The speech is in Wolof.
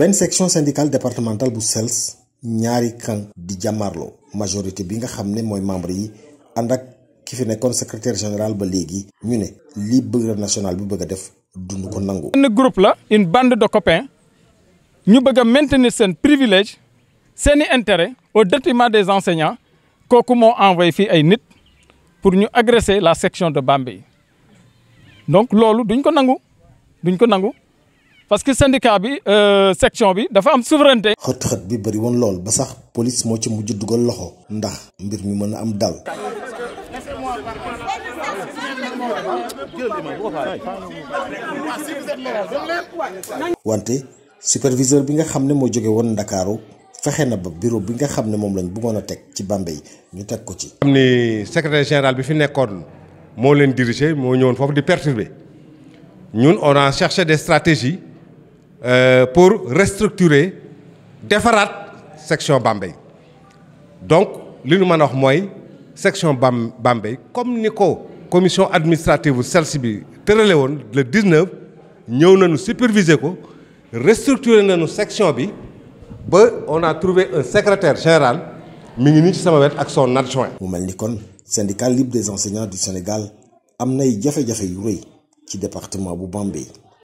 benn section syndicale départementale bu SELS ñaari kan di jàmmarloo majorité bi nga xam ne mooy membre yi ànd ak ki fi nekkoon secrétaire général ba léegi ñu ne lii bëgg nationale bi bëgg def dund ko nangu. benn groupe la une bande de copains ñu bëgg a maintenir seen privilège seeni intéret au détriment des enseignants kooku moo envoyé fii ay nit pour ñu agresser la section de Bambey donc loolu duñ ko nangu duñ ko nangu. parce que syndicat bi euh, section bi dafa am souveraineté. xët-xët bi bëri woon lool ba sax polis moo ci mujj dugal loxo ndax mbir mi mën a am dal. wante superviseur bi nga xam ne moo jóge woon Ndakaaru fexe na ba bureau bi nga xam ne moom lañ bëggoon a teg ci Bambey ñu teg ko ci. am ni secrétaire général bi fi nekkoon moo leen diriger moo ñëwoon foofu di perturber ñun on a cherché des stratégies. Euh, pour restructurer defaraat section Bambey donc li ñu mën a wax mooy section Bam Bambey comme ni ko commission administrative bu CELS bi tërale woon le 19 ñëw nañu superviser ko restructurer nañu section bi ba on a trouvé un secretaire général mu ngi nii ci sama wet ak son adjoint. mu mel ni kon syndicat libre des enseignants du Sénégal am nay jafe-jafe yu rëy ci département bu Bambey.